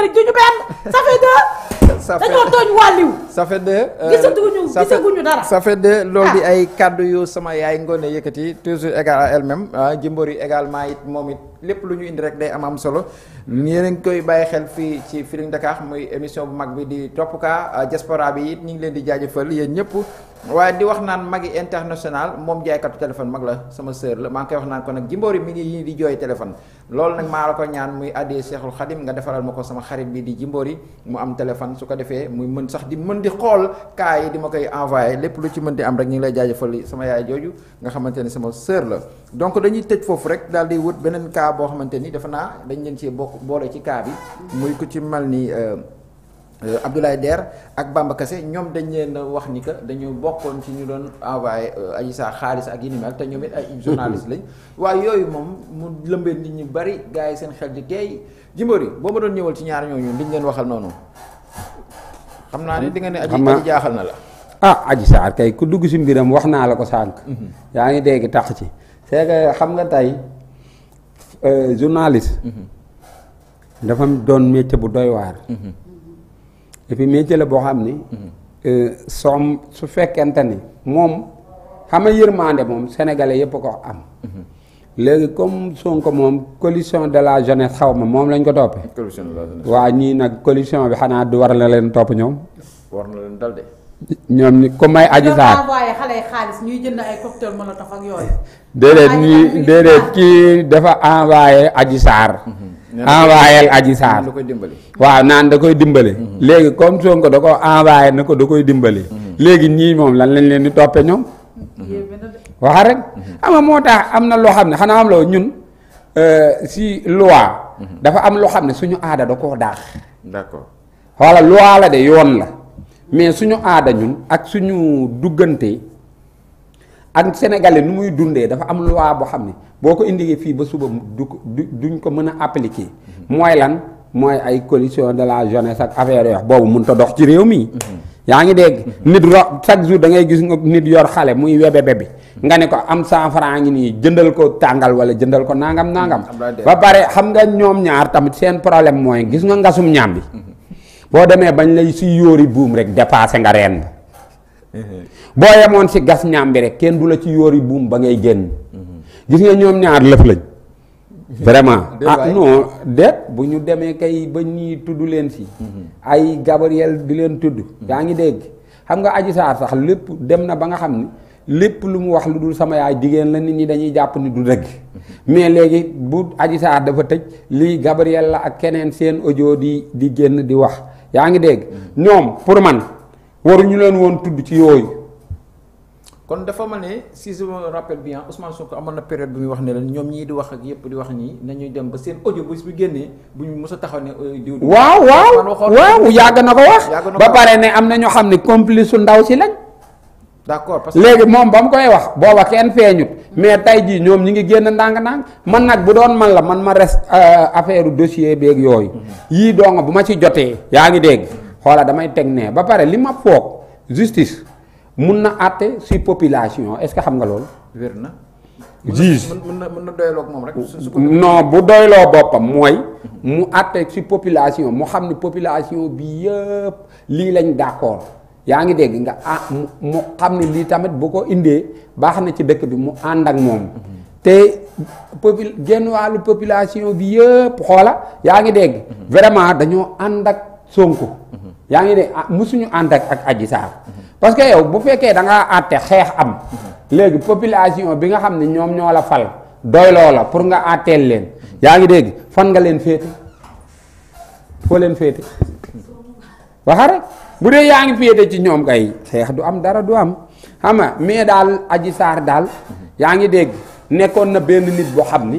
auditeurs yi du ñu benn ça fait deux. ça fait dañoo tooñ wàlliw. Euh, loolu di ah. ay kàddu yu sama yaay ngoone yëkkati toujours égal à elle-même ah Jimbori également it moom it lépp lu ñu indi rek day am am solo yéen a ngi koy bàyyi xel fii ci Feeling Dakar muy émission bu mag bi di topp kaa ah, diaspora bi it ñu ngi leen di jaajëfal yéen ñëpp. waaye di wax naan magi international moom jaaykatu téléphone mag la sama sœur la maa ngi koy wax naan ko nag Jimbori mi ngi yi di jooy téléphone loolu nag maa la ko ñaan muy addee Cheikhul Khadim nga defaral ma ko sama xarit bi di Jimbori mu am téléphone ko defee muy mën sax di mën di xool kaa yi di ma koy envoyé lépp lu ci mën di am rek ñu ngi lay jaajëfal sama yaay jooju nga xamante ni sama sœur la donc dañuy tëj foofu rek daal di wut beneen kaa boo xamante ni defe naa dañ leen cee bokk boole ci cas bi muy ku ci mal ni euh, euh, Abdoulaye Der ak Bamba ñoom dañ leen wax ni que dañu bokkoon ci ñu doon envoyé euh, Adji Sarr xaalis ak yi ni te ñoom it ay journaliste lañ waaye yooyu moom mu lëmbee nit ñi bari gaa yi seen xel di teey Jimbori boo ma doon ñëwal ci ñaar ñooñu liñ leen waxal noonu xam naa ne di nga ne aji jaaxal na la. ah aji saar kay ku dugg si mbiram wax naa la ko sànq. Mhm. yaa ngi dégg tax ci. c'est xam nga tey euh, journaliste. Mhm. dafa doon métier bu doy waar. Mhm. et puis la boo xam ni. Euh, soom su fekkente ni moom xam nga yërmande moom sénégalais yëpp ko am. léegi comme Sonko moom coalition de la jeunesse xaw ma moom lañ ko topp coalition de waa ñii nag coalition bi xanaa du war na leen topp ñoom. war na leen dal de. ñoom ku may aji saar envoyé xale yi xaalis ñuy jënd ay cocktail molotov ak yooyu. déedéet ñii déedéet kii dafa envoyé aji saar. Mhm. envoyé waaw naan da koy dimbale mhm. léegi comme Sonko da ko envoyé na ko da koy dimbali. Mhm. léegi ñii moom lan lañ leen di toppee ñoom. waxal rek. Mhm. am nga moo tax am na loo xam ne xanaa am loo ñun euh, si loi. Mhm. dafa am loo xam ne suñu aada da koo daax. d'accord wala loi la de yoon la mais suñu aada ñun ak suñu duggante ak sénégalais nu muy dundee dafa am loi boo xam ne boo ko indi fii ba suba du duñ ko mën a appliquer. Mhm. mooy lan mooy ay coalition de la jeunesse ak affaire yooyu boobu mun ta dox ci réew mii yaa ngi dégg nit ro chaque jour da ngay gis nga nit yor xale muy webe bi nga ne ko am cent ngi nii jëndal ko tàngal wala jëndal ko nangam nangam. ba pare xam nga ñoom ñaar tamit seen problème mooy gis nga ngasum ñaam bi. Mhm. boo demee bañ lay si yóori buum rek dépassé nga reen mhm. boo yemoon si gas ñaam kenn du la ci yóori buum ba ngay génn. Mhm. nga ñoom ñaar lëf lañ. vraiment ah bu ñu demee kay ba ñii tudd leen si ay Gabriel di leen tudd yaa ngi dégg xam nga Adji Sarr sax lépp dem na ba nga xam ni lépp lu mu wax lu dul sama yaay jigéen la nit ñi dañuy jàpp ni du dëgg mais léegi bu aji saa dafa tëj lii Gabriel la ak keneen seen audio di di génn di wax yaa ngi dégg ñoom pour man waru ñu leen woon tudd ci yooyu. kon dafa ma ne si je me rappelle bien Ousmane Sonko amoon période bu wax ne leen ñoom ñii di wax ak yëpp di wax ñii nañuy dem ba seen audio bu bu génnee bu ñu mës a taxaw ne. Euh, waaw waaw waaw yàgg na ko wax. ba pare ne am na ñoo xam ne complice su ndaw si lañ. d'accord parce léegi moom ba mu koy wax booba kenn feeñut mais hmm. tey jii ñoom ñi ngi génn ndànk-ndànk man nag bu doon man la man ma res euh, affaire dossier beeg yooyu hmm. yii doonga bu ma ci jotee yaa ngi dégg hmm. xoola damay teg nee ba pare li ma foog justice mun na àtte si population est-ce que xam nga loolu wér na juge mën na mën moom rek non bu doyloo boppam mooy mu àtte si population mu xam ne population bi yëpp lii lañ d'accord yaa ngi dégg nga ah mu xam ne lii tamit bu ko indee baax na ci dëkk bi mu ànd ak moom te popul genn wàllu population bi yëpp xoola yaa ngi dégg vraiment dañoo ànd ak Sonko yaa ngi dégg ah musuñu ànd ak ak Adji Sarr parce que yow bu fekkee da ngaa àtte xeex am léegi population bi nga xam ne ñoom ñoo la fal doy loo la pour nga àtteel leen yaa ngi dégg fan nga leen féete foo leen féete waxa rek bu dee yaa ngi féete ci ñoom kay xeex du am dara du am xam nga mais daal aji saar daal yaa ngi dégg nekkoon na benn nit boo xam ni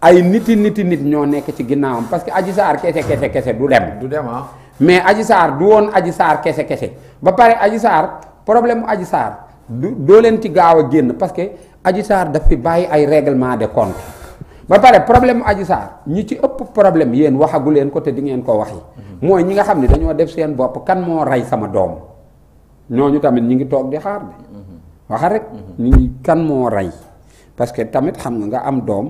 ay niti niti nit ñoo nekk ci ginnaawam parce que aji saar kese kese kese du dem. du dem ah. mais aji saar du woon aji saar kese kese ba pare aji saar problème mu aji saar du doo leen ci gaaw a génn parce que aji saar daf fi bàyyi ay règlement de compte. ba pare problème Adji Sarr ñi ci ëpp problème yéen waxagu leen ko te di ngeen ko waxi mooy ñi nga xam ne dañoo def seen bopp kan moo rey sama doom ñooñu tamit ñi ngi toog di xaar de waxa rek ñi kan moo rey parce que tamit xam nga nga am doom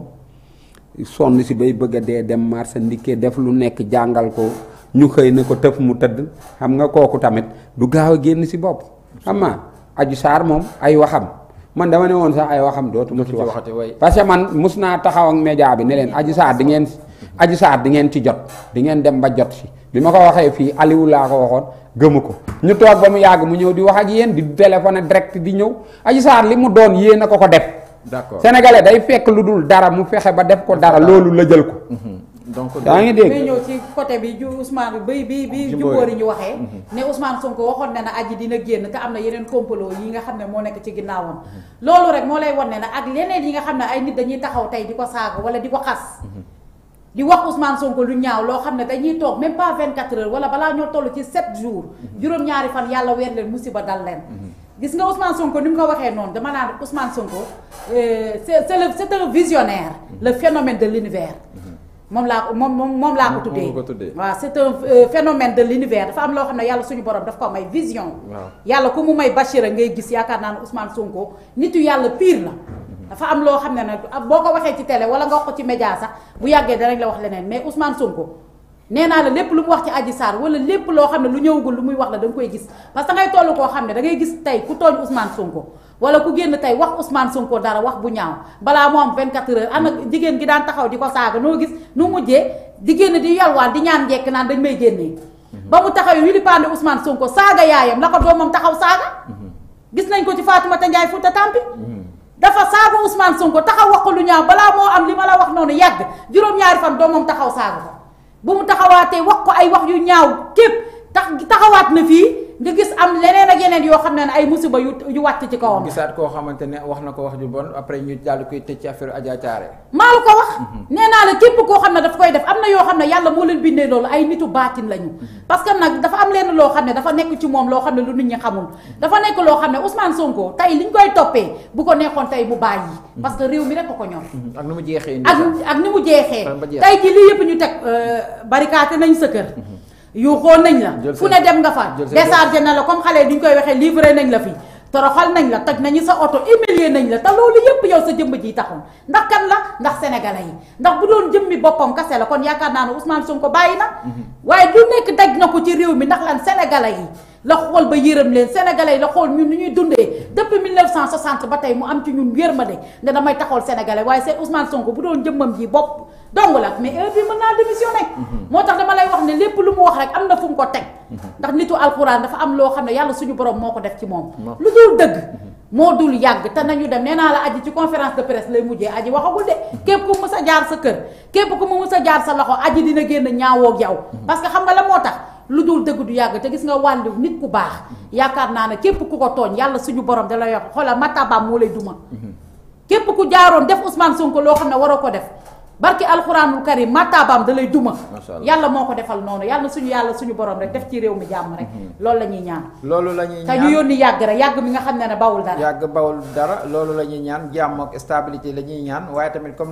sonn si bay bëgg a dee dem marché ndikkee def lu nekk jàngal ko ñu xëy na ko tëf mu tëdd xam nga kooku tamit du gaaw a génn si bopp xam nga Adji Sarr moom ay waxam man dama ne woon sax ay waxam dootuma ci wax parce que man mus naa taxaw ak média bi ne leen aji saar di ngeen aji saar dingeen ci jot di ngeen dem ba jot si bi ma ko waxee fii Aliou laa ko waxoon gëmu ko ñu toog ba mu yàgg mu ñëw di wax ak yéen di téléphoné direct di ñëw aju saar li mu doon yéen a ko ko def d'accord sénégalais day fekk lu dul dara mu fexe ba def ko dara loolu la jël ko mhm. donc yaa ngi dégg ñëw ci côté bi ju Ousmane bi bi bi jubóor yi ñu waxee mm-hmm. ne Ousmane Sonko waxoon ne na aji dina génn am na yeneen complot yi nga xam ne moo nekk ci ginnaawam mm-hmm. loolu rek moo lay wan na ak leneen yi nga xam ne ay nit dañuy taxaw tey di ko saaga wala di ko xas mm-hmm. di wax Ousmane Sonko lu ñaaw loo xam ne dañuy toog même pas 24 heures wala balaa ñoo toll ci 7 jours juróom-ñaari fan yàlla weer leen musiba dal leen. gis nga Ousmane Sonko ni mu ko waxee noonu dama naan Ousmane Sonko euh, c'est c'est le c'est un visionnaire le phénomène de l'univers moom laa ko moom moom laa ko tuddee waaw c'est un euh, phénomène de l'univers dafa am loo xam ne yàlla suñu borom daf ko may vision yàlla ku mu may Bachira ngay gis yaakaar naa ne Ousmane Sonko nitu yàlla piir la dafa am loo xam ne nag ah, boo ko waxee ci télé wala nga wax ko ci média sax bu yàggee danañ la wax leneen mais usman Sonko nee naa la lépp lu mu wax ci Adji Sarr wala lépp loo xam ne lu ñëwagul lu muy wax la da koy gis parce que ngay toll koo xam ne da ngay gis tey ku tooñ Ousmane Sonko wala ku génn tey wax Ousmane Sonko dara wax bu ñaaw balaa moo am 24 heures am na jigéen gi daan taxaw di ko saaga noo gis nu mujjee di génn di yalwaan di ñaan njekk naan dañ may génnee. Mhm. ba mu taxaw wili pande Ousmane Sonko saaga yaayam la ko doomam taxaw saaga. Mhm. gis nañ ko ci Fatoumata Ndiaye Fouta Tampi. Mhm. dafa saaga Ousmane Sonko taxaw wax ko lu ñaaw balaa moo am li ma la wax noonu yàgg juróom-ñaari fan doomam taxaw saaga ko bu mu taxawaatee wax ko ay wax yu ñaaw képp tax taxawaat na fii. nga gis am leneen ak yeneen yoo xam ne ay musiba yu yu wàcc ci kawam. gisaat koo xamante ne wax na ko wax ju bon après ñu daal koy tëj ci affaire mhm. koo xam ne daf koy def am na yoo xam ne yàlla moo leen bindee loolu ay nitu baatin lañu. Mhm. parce que nag dafa am lenn loo xam ne dafa nekk ci moom loo xam ne lu nit ñi xamul. Mhm. dafa nekk loo xam ne Ousmane Sonko tey liñ koy toppee bu ko nekkoon tey mu bàyyi. parce que réew mi rek ko ko ñor. ak ni mu jeexee. ni mu jeexee. tey ji lii yëpp ñu teg euh, barikaate nañ sa kër yuuxoo nañ la fu ne dem nga fa déchargé na la comme xale duñ koy waxee livré nañ la fii toroxal nañ la toj nañu sa oto humilier nañ la te loolu yépp yow sa jëmm ji taxoon ndax kan la ndax sénégalais yi ndax bu doon jëmmi boppam kase la kon yaakaar naa ne Ousmane ko bàyyi na mhm. waaye du nekk daj na ko ci réew mi ndax lan sénégalais yi la xool ba yërëm leen sénégalais la xool ñun ni ñuy dundee depuis 1960 ba tey mu am ci ñun yërmande ne damay taxawal sénégalais waaye seen Ousmane Sonko bu doon jëmmam ji bopp dong la mais heure bi mën naa démissionné. Mhm. moo tax dama lay wax ne lépp lu mu wax rek am na fu mu ko teg. Mhm. ndax nitu alxuraan dafa am loo xam ne yàlla suñu borom moo ko def ci moom. lu dul dëgg. Mhm. moo dul yàgg te nañu dem nee naa la aji ci conférence de presse lay mujjee aji waxagul de képp ku mu sa jaar sa kër képp ku mu sa jaar sa loxo aji dina génn ñaawoo ak que xam nga la moo tax lu dul dëgg du yàgg te gis nga wàllu nit ku baax yaakaar naa ne képp ku ko tooñ yàlla suñu borom da la yokk xoolal matabaam moo lay duma képp ku jaaroon def Ousmane Sonko loo xam ne war waroo ko def barki alxuraanul karim matabaam da lay duma yàlla moo ko defal noonu yàlla suñu yàlla suñu borom rek def ci réew mi jàmm rek mhm. loolu la ñuy ñaan loolu la ñuy ñaan te ñu yónni yàgg rek yàgg mi nga xam ne ne bawul dara yàgg bawul dara loolu la ñuy ñaan jàmm ak stabilité la ñuy